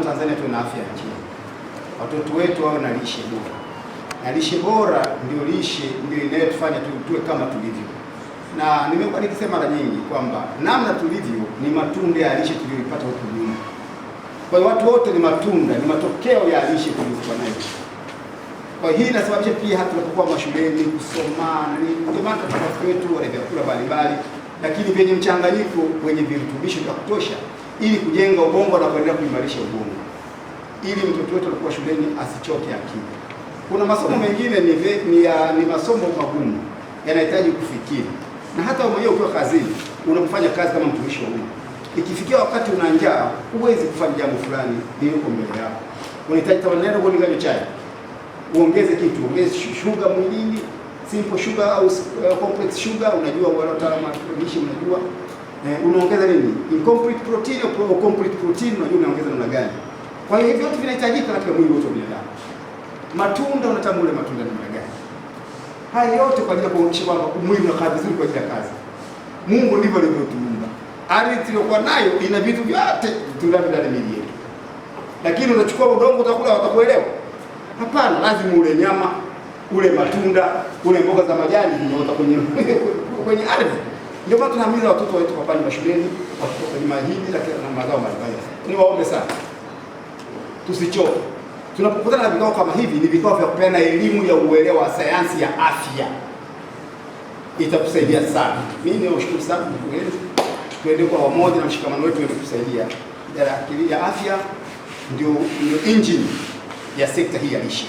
ndio Tanzania tuwe na afya njema, watoto wetu wawe na lishe bora, na lishe bora ndio lishe ndio inayotufanya tuwe kama tulivyo, na nimekuwa nikisema mara nyingi kwamba namna tulivyo ni matunda ya lishe tuliyoipata huku nyuma. Kwa hiyo watu wote ni matunda, ni matokeo ya lishe tuliyokuwa nayo. Kwa hii inasababisha pia hata tunapokuwa mashuleni kusoma wetu wale vyakula mbalimbali, lakini vyenye mchanganyiko wenye virutubisho vya kutosha ili kujenga ubongo na kuendelea kuimarisha ubongo, ili mtoto wetu alikuwa shuleni asichoke akili. Kuna masomo mengine ni, ve, ni, ya, ni masomo magumu yanahitaji kufikiri, na hata wewe ukiwa kazini unapofanya kazi kama mtumishi wa umma, ikifikia wakati una njaa, huwezi kufanya jambo fulani lililopo mbele yako. Unahitaji tawaneno chai, uongeze kitu, uongeze shuga mwilini, simple sugar au uh, complex sugar. Unajua wale wataalamu wa lishe, unajua eh, unaongeza nini? Incomplete protein au complete protein, unajua unaongeza namna gani? Kwa hiyo hivyo vyote vinahitajika katika mwili wote wa binadamu. Matunda, unatambua ile matunda namna gani? Haya yote kwa ajili ya kuonyesha kwamba mwili unakaa vizuri kwa ajili ya kazi. Mungu ndivyo alivyotuumba. Ardhi tuliyokuwa nayo ina vitu vyote tunavyo ndani ya miili yetu, lakini unachukua udongo utakula, watakuelewa? Hapana, lazima ule nyama, ule matunda, ule mboga za majani, ndio kwenye kwenye ardhi ndio maana tunahimiza watoto wetu kwa wapande mashuleni, watoto kwenye mahindi na mazao mbalimbali. Niwaombe sana, tusichoke. Tunapokutana na vikao kama hivi, ni vikao vya kupeana elimu ya uelewa wa sayansi ya afya, itatusaidia sana. Mimi niwashukuru sana ndugu wenu, tuende kwa pamoja na mshikamano wetu unatusaidia. Idara ya akili ya afya ndio ndio engine ya sekta hii ya lishe.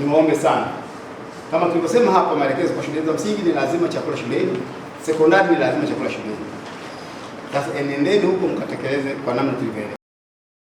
Niwaombe sana, kama tulivyosema hapa, maelekezo kwa shule za msingi ni lazima chakula shuleni sekondari ni lazima chakula shuleni. Sasa enendeni huko mkatekeleze kwa namna tulivyoelekeza.